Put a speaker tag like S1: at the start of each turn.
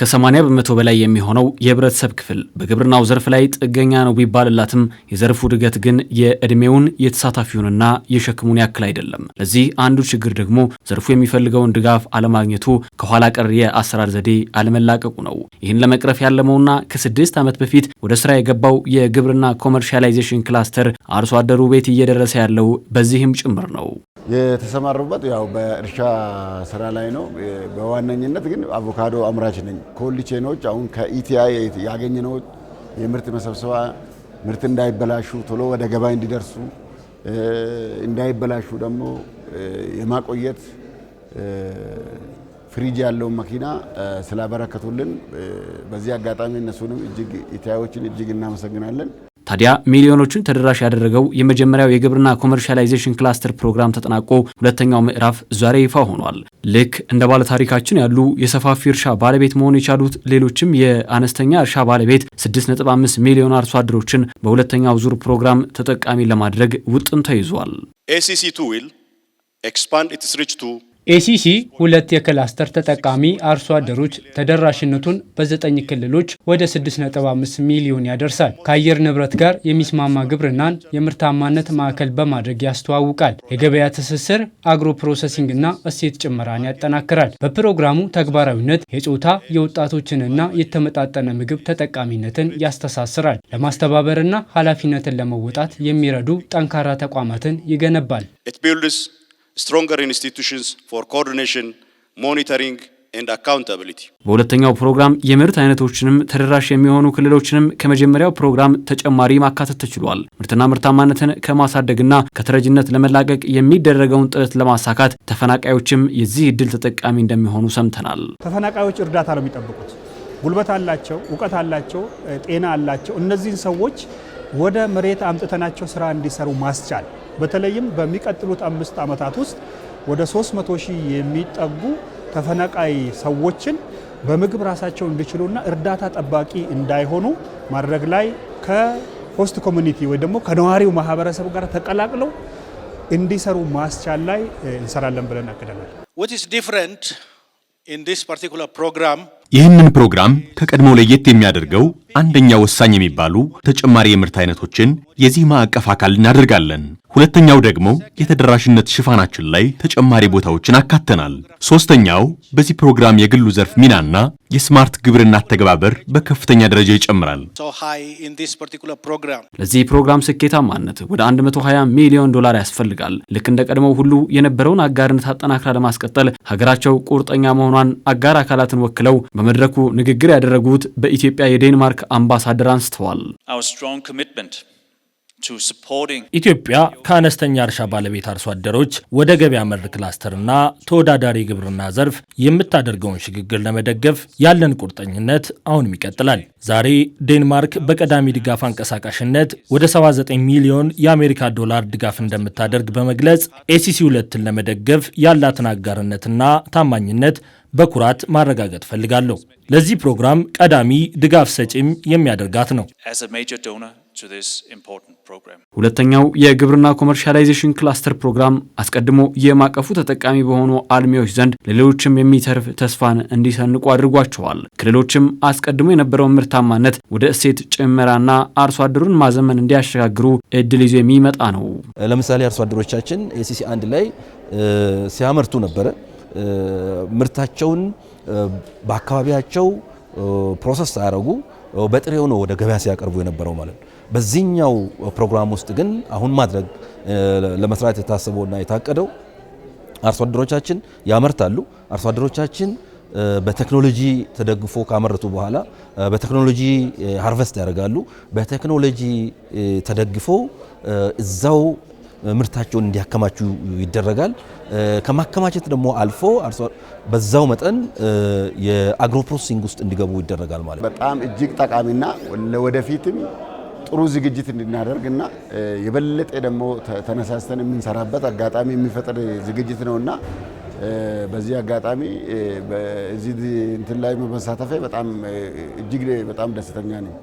S1: ከ80 በመቶ በላይ የሚሆነው የህብረተሰብ ክፍል በግብርናው ዘርፍ ላይ ጥገኛ ነው ቢባልላትም የዘርፉ እድገት ግን የእድሜውን የተሳታፊውንና የሸክሙን ያክል አይደለም። ለዚህ አንዱ ችግር ደግሞ ዘርፉ የሚፈልገውን ድጋፍ አለማግኘቱ፣ ከኋላ ቀር የአሰራር ዘዴ አለመላቀቁ ነው። ይህን ለመቅረፍ ያለመውና ከስድስት ዓመት በፊት ወደ ስራ የገባው የግብርና ኮመርሻላይዜሽን ክላስተር አርሶ አደሩ ቤት እየደረሰ ያለው በዚህም ጭምር ነው።
S2: የተሰማሩበት ያው በእርሻ ስራ ላይ ነው። በዋነኝነት ግን አቮካዶ አምራች ነኝ። ኮልድ አሁን ከኢቲአይ ያገኘነው የምርት መሰብሰባ ምርት እንዳይበላሹ ቶሎ ወደ ገበያ እንዲደርሱ እንዳይበላሹ ደግሞ የማቆየት ፍሪጅ ያለውን መኪና ስላበረከቱልን በዚህ አጋጣሚ እነሱንም እጅግ ኢቲአዮችን እጅግ እናመሰግናለን።
S1: ታዲያ ሚሊዮኖቹን ተደራሽ ያደረገው የመጀመሪያው የግብርና ኮመርሻላይዜሽን ክላስተር ፕሮግራም ተጠናቆ ሁለተኛው ምዕራፍ ዛሬ ይፋ ሆኗል። ልክ እንደ ባለታሪካችን ያሉ የሰፋፊ እርሻ ባለቤት መሆን የቻሉት ሌሎችም የአነስተኛ እርሻ ባለቤት 6.5 ሚሊዮን አርሶ አደሮችን በሁለተኛው ዙር ፕሮግራም ተጠቃሚ ለማድረግ ውጥን ተይዟል።
S3: ኤሲሲ ቱ ዊል ኤክስፓንድ ኢትስ ሪች ቱ
S1: ኤሲሲ ሁለት የክላስተር ተጠቃሚ አርሶ አደሮች ተደራሽነቱን በዘጠኝ ክልሎች ወደ 6.5 ሚሊዮን ያደርሳል። ከአየር ንብረት ጋር የሚስማማ ግብርናን የምርታማነት ማዕከል በማድረግ ያስተዋውቃል። የገበያ ትስስር፣ አግሮ ፕሮሰሲንግ እና እሴት ጭመራን ያጠናክራል። በፕሮግራሙ ተግባራዊነት የጾታ የወጣቶችንና የተመጣጠነ ምግብ ተጠቃሚነትን ያስተሳስራል። ለማስተባበርና ኃላፊነትን ለመወጣት የሚረዱ ጠንካራ ተቋማትን ይገነባል።
S3: stronger institutions for coordination, monitoring and accountability።
S1: በሁለተኛው ፕሮግራም የምርት አይነቶችንም ተደራሽ የሚሆኑ ክልሎችንም ከመጀመሪያው ፕሮግራም ተጨማሪ ማካተት ተችሏል። ምርትና ምርታማነትን ከማሳደግና ከተረጅነት ለመላቀቅ የሚደረገውን ጥረት ለማሳካት ተፈናቃዮችም የዚህ እድል ተጠቃሚ እንደሚሆኑ ሰምተናል።
S4: ተፈናቃዮች እርዳታ ነው የሚጠብቁት። ጉልበት አላቸው፣ እውቀት አላቸው፣ ጤና አላቸው። እነዚህን ሰዎች ወደ መሬት አምጥተናቸው ስራ እንዲሰሩ ማስቻል በተለይም በሚቀጥሉት አምስት ዓመታት ውስጥ ወደ 300 ሺህ የሚጠጉ ተፈናቃይ ሰዎችን በምግብ ራሳቸው እንዲችሉና እርዳታ ጠባቂ እንዳይሆኑ ማድረግ ላይ ከሆስት ኮሚኒቲ ወይ ደግሞ ከነዋሪው ማህበረሰብ ጋር ተቀላቅለው እንዲሰሩ ማስቻል ላይ እንሰራለን ብለን አቅደናል።
S1: ይህንን ፕሮግራም ከቀድሞ ለየት የሚያደርገው አንደኛ ወሳኝ የሚባሉ ተጨማሪ የምርት አይነቶችን የዚህ ማዕቀፍ አካል እናደርጋለን። ሁለተኛው ደግሞ የተደራሽነት ሽፋናችን ላይ ተጨማሪ ቦታዎችን አካተናል። ሶስተኛው በዚህ ፕሮግራም የግሉ ዘርፍ ሚናና የስማርት ግብርና አተገባበር በከፍተኛ ደረጃ ይጨምራል። ለዚህ ፕሮግራም ስኬታማነት ወደ 120 ሚሊዮን ዶላር ያስፈልጋል። ልክ እንደ ቀድሞው ሁሉ የነበረውን አጋርነት አጠናክራ ለማስቀጠል ሀገራቸው ቁርጠኛ መሆኗን አጋር አካላትን ወክለው በመድረኩ ንግግር ያደረጉት በኢትዮጵያ የዴንማርክ አምባሳደር አንስተዋል። ኢትዮጵያ ከአነስተኛ እርሻ ባለቤት አርሶ አደሮች ወደ ገበያ መር ክላስተርና ተወዳዳሪ ግብርና ዘርፍ የምታደርገውን ሽግግር ለመደገፍ ያለን ቁርጠኝነት አሁንም ይቀጥላል። ዛሬ ዴንማርክ በቀዳሚ ድጋፍ አንቀሳቃሽነት ወደ 79 ሚሊዮን የአሜሪካ ዶላር ድጋፍ እንደምታደርግ በመግለጽ ኤሲሲ ሁለትን ለመደገፍ ያላትን አጋርነትና ታማኝነት በኩራት ማረጋገጥ ፈልጋለሁ። ለዚህ ፕሮግራም ቀዳሚ ድጋፍ ሰጪም የሚያደርጋት ነው። ሁለተኛው የግብርና ኮመርሻላይዜሽን ክላስተር ፕሮግራም አስቀድሞ የማቀፉ ተጠቃሚ በሆኑ አልሚዎች ዘንድ ለሌሎችም የሚተርፍ ተስፋን እንዲሰንቁ አድርጓቸዋል። ክልሎችም አስቀድሞ የነበረውን ምርታማነት ወደ እሴት ጭመራና አርሶ አደሩን ማዘመን እንዲያሸጋግሩ እድል ይዞ የሚመጣ ነው።
S5: ለምሳሌ አርሶ አደሮቻችን የሲሲ አንድ ላይ ሲያመርቱ ነበረ ምርታቸውን በአካባቢያቸው ፕሮሰስ ሳያደርጉ በጥሬው ነው ወደ ገበያ ሲያቀርቡ የነበረው ማለት ነው። በዚህኛው ፕሮግራም ውስጥ ግን አሁን ማድረግ ለመስራት የታሰበውና የታቀደው አርሶ አደሮቻችን ያመርታሉ። አርሶ አደሮቻችን በቴክኖሎጂ ተደግፎ ካመረቱ በኋላ በቴክኖሎጂ ሀርቨስት ያደርጋሉ። በቴክኖሎጂ ተደግፎ እዛው ምርታቸውን እንዲያከማቹ ይደረጋል። ከማከማቸት ደግሞ አልፎ በዛው መጠን የአግሮ ፕሮሰሲንግ ውስጥ እንዲገቡ ይደረጋል ማለት
S2: ነው። በጣም እጅግ ጠቃሚና ለወደፊትም ጥሩ ዝግጅት እንድናደርግና የበለጠ ደግሞ ተነሳስተን የምንሰራበት አጋጣሚ የሚፈጥር ዝግጅት ነውና በዚህ አጋጣሚ እዚህ እንትን ላይ መሳተፌ በጣም እጅግ በጣም ደስተኛ ነኝ።